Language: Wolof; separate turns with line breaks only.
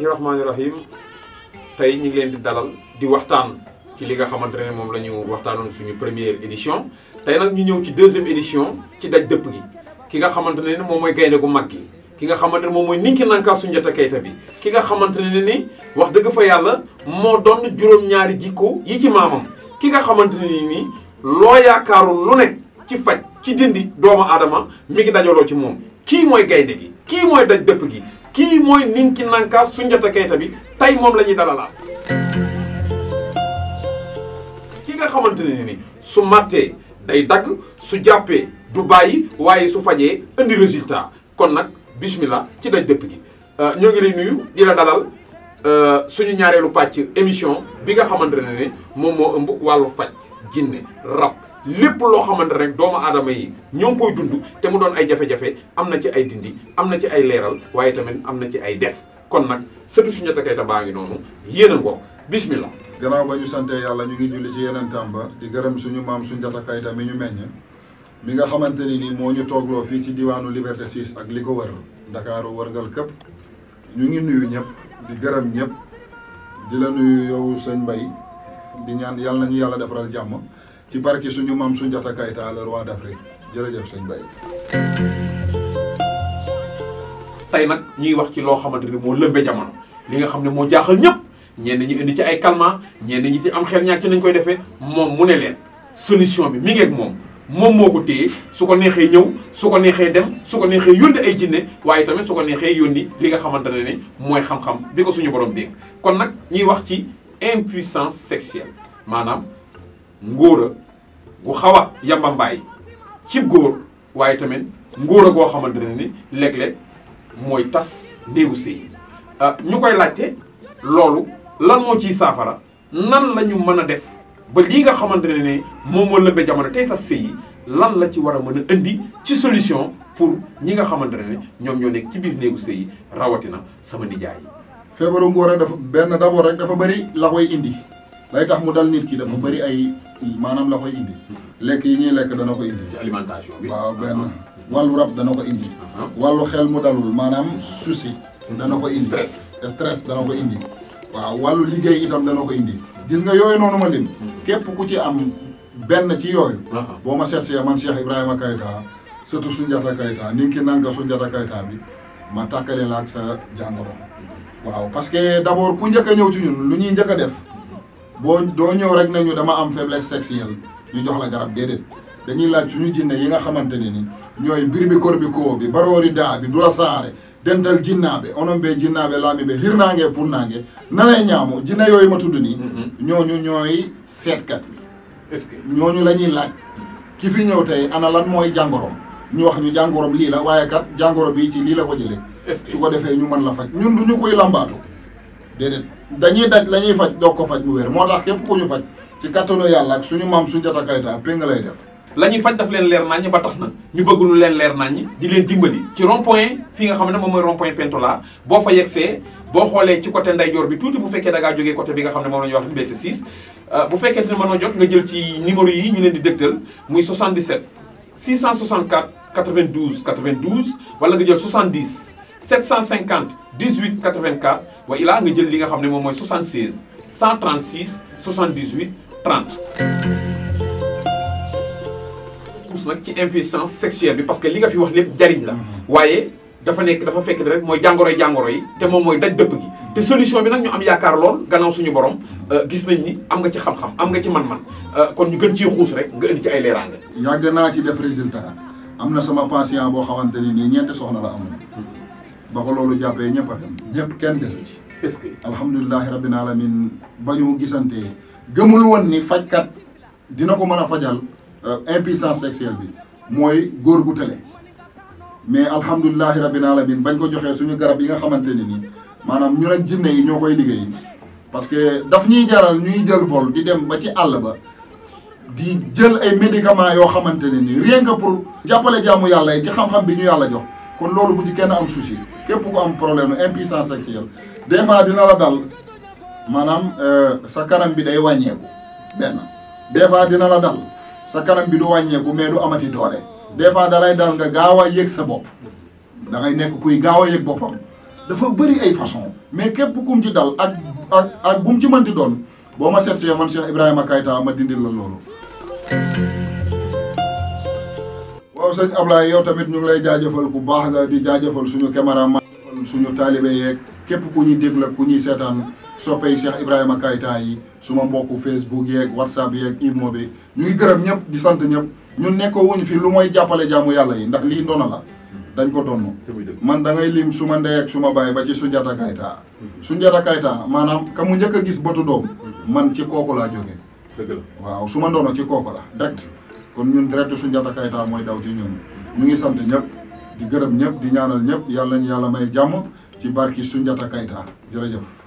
bismillahi rahmaani rahim tey ñu ngi leen di dalal di waxtaan ci li nga xamante ne moom la ñu waxtaanoon suñu première édition tey nag ñu ñëw ci deuxième édition ci daj dëpp gi ki nga xamante ne ni moom mooy gaynde gu mag gi ki nga xamante ne moom mooy Ninki Nanka Soundiata Keita bi ki nga xamante ne ni wax dëgg fa yàlla moo doon juróom-ñaari jikko yi ci maamam ki nga xamante ni nii loo yaakaarul lu ne ci faj ci dindi doomu aadama mi ngi dajaloo ci moom kii mooy gaynde gi kii mooy daj dëpp gi kii mooy Ninki Nanka Soundiata Keita bi tey moom la ñuy dalalaat ki nga xamante ne ni su màttee day dagg su jàppee du bàyyi waaye su fajee indi résultat kon nag bismillah ci daj dëpp gi euh, ñoo ngi lay nuyu di la dalal euh, suñu ñaareelu pàcc émission bi nga xamante ne ni moom moo ëmb wàllu faj jinne rab lepp lo xamantene rek doomu adama yi ñong koy dund te mu doon ay jafe-jafe amna ci ay dindi amna ci ay léral waye tamen amna ci ay def kon nak sëtu suñu takay ta baangi nonu noonu yéen bismillah
gannaaw bañu santé yalla ñu ngi julli ci yeneen tamba di gërëm suñu maam suñu jatakay ta mi ñu meññ mi nga xamanteni ni mo ñu toogloo fi ci diwanu Liberté 6 ak liko wër ndakaaru wërgal kep ñu ngi nuyu ñep di gërëm ñep di la nuyu yow sëñ mbay di ñaan yalla ñu yalla defal jamm ci barki suñu maam kay ta le roi
d'Afrique jërëjëf sëñ Baye. tay nak ñuy wax ci lo xamanteni mo moo lëmbee jamono li nga xam mo jaaxal ñep ñen ñi indi ci ay calmant ñen ñi ci am xel ñak ci nañ koy defee moom mu ne len solution bi mi ngi ak moom. moom moo ko téye su ko neexee dem suko nexé neexee ay jinné waye tamit suko nexé yondi li nga xamanteni ne moy xam-xam bi suñu borom dégg kon nak ñuy wax ci impuissance sexuelle manam ngóora gu xaw a yambambaay cib góor waaye tamit ngóora goo xamante ne ni léeg-léeg mooy tas néegu sëy euh, ñu koy laajte loolu lan moo ciy saafara nan lañu mën a def ba lii nga xamante ne ni moom moo lëmbee jamono tey tas sëy yi lan la ci war a mën a indi ci solution pour ñi nga xamante ne ñoom ñoo nekk ci biir néegu sëy yi rawatina sama nijaay yi. feebaru ngóora dafa benn d'abord rek dafa bari la koy indi.
day tax mu dal nit ki mu bëri ay maanaam la koy indi hmm. lekk yi ñuy lekk dana ko indi ci alimentation bi waaw benn ah, ah. wàllu rab dana ko indi uh-huh. wàllu xel mu dalul maanaam souci hmm. dana ko indi stress dana ko indi waaw wàllu liggéey itam dana ko indi gis nga yooyu noonu ma lim hmm. képp ku ci am benn ci yooyu uh-huh. boo ma seet see man Cheikh Ibrahima Keita surtout Soundiata Keita ni ki nanka Soundiata Keita bi ma tàkkale la ak sa jàngoro waaw parce que d'abord ku njëkk ñëw ci ñun lu ñuy njëkk a def boo doo ñëw rek nañu dama am faiblesse sexuelle ñu jox la garab déedéet dañuy laaj suñu jinne yi nga xamante ne ni ñooy bir bi kor bi koo bi baroori daa bi dura saare dental jinnaaɓe onon ɓe jinnaaɓe laamiɓe hirnaange purnaange nana e ñaamo jinna yooyu ma tudd nii mm-hmm. ñooñu ñooy seetkat yi ñooñu la ñuy laaj ki fi ñëw tey ana lan mooy jàngoroom ñu wax ñu jàngoroom lii la waaye kat jàngoro bi ci lii la ko jëlee su ko defee ñu mën la faj ñun du ñu koy làmbaatu déedéet dañuy daj la ñuy faj doog ko faj mu wér
moo tax képp ku ñu faj ci kattanu yàlla ak suñu maam Soundiata Keita péng lay def. la ñuy faj daf leen leer naññ ba tax na ñu bëgg lu leen leer naññ di leen dimbali ci rond point fii nga xam ne moom mooy rond point Pentola boo fa yegsee boo xoolee ci côté ndeyjoor bi tuuti bu fekkee da ngaa jógee côté bi nga xam ne moom la ñuy wax Liberté 6 euh, bu fekkee ne mënoo jot nga jël ci numéro yi ñu leen di dégtal muy 77 664 92 92 wala nga jël 70. 750 18 84 wa ilaa nga jël li nga xamné ne moy 76 136 78 30. pousse nag ci impuissance sexuelle bi parce que li nga fi wax lépp jariñ la. Mm-hmm. wayé dafa nek dafa fekk rek moy jangoro jangoro yi té moom moy daj dëpp gi. té solution bi nak ñu am yaakaar lool gannaaw suñu borom euh, gis nañ ni am nga ci xam-xam am nga ci man-man euh, kon ñu gën ci xouss rek nga indi ci ay leeraange. yàgg na ci
def résultat amna sama patient bo xamante ni nii soxna la amoon. ba ko loolu jàppee ñëpp a dem ñëpp kenn desu ci. est-ce que alhamdulilahi rabbil alamin ba ñu gisantee gëmul woon ni fajkat dina ko mën fajal euh, impuissance sexuelle bi mooy góor gu tële mais alhamdulilahi rabbil alamin bañ ko joxee suñu garab yi nga xamante ne ni maanaam ñu ak jinne yi ñoo koy liggéey parce que daf ñuy jaral ñuy jël vol di dem ba ci àll ba di jël ay médicaments yoo xamante ne ni rien que pour jàppale jaamu yàlla yi ci xam-xam bi ñu yàlla jox kon loolu bu ci kenn am kepp ko am problème impuissance sexuelle des fois dina la dal manam euh, sa kanam bi day wàññeeku ben des fois dina la dal sa kanam bi du wàññeeku mais du amati doole des fois dalay dal nga gawa yek sa bop da ngay nek kuy gawa yek bopam dafa bëri ay façon mais kepp kum ci dal ak ak bum ci manti don boma man Cheikh Ibrahima kayta ma dindil la you waaw sëñ Ablaye yow tamit ñu ngi lay jaajëfal bu baax nga di jaajëfal suñu caméraman suñu taalibe yeeg képp ku ñuy déglu ku ñuy seetaan soppey Cheikh Ibrahima Keita yi suma mbokku Facebook yeeg WhatsApp yeeg Imo bi ñu ngi gërëm ñëpp di sant ñëpp ñun nekkoo wuñ fii lu mooy jàppale jàmm yàlla yi ndax lii ndono la dañ ko donn man da ngay lim suma ndey ak suma baay ba ci Soundiata Keita Soundiata Keita maanaam ka mu njëkk a gis bëtu doom man ci kooku laa jóge la waaw suma ndono ci kooku la direct kon ñun direct su Ndiathaka Aïta mooy daw ci ñun ñu ngi sant ñëpp di gërëm ñëpp di ñaanal ñëpp yàlla nañu yàlla may jàmm ci barki su Ndiathaka Aïta jërëjëf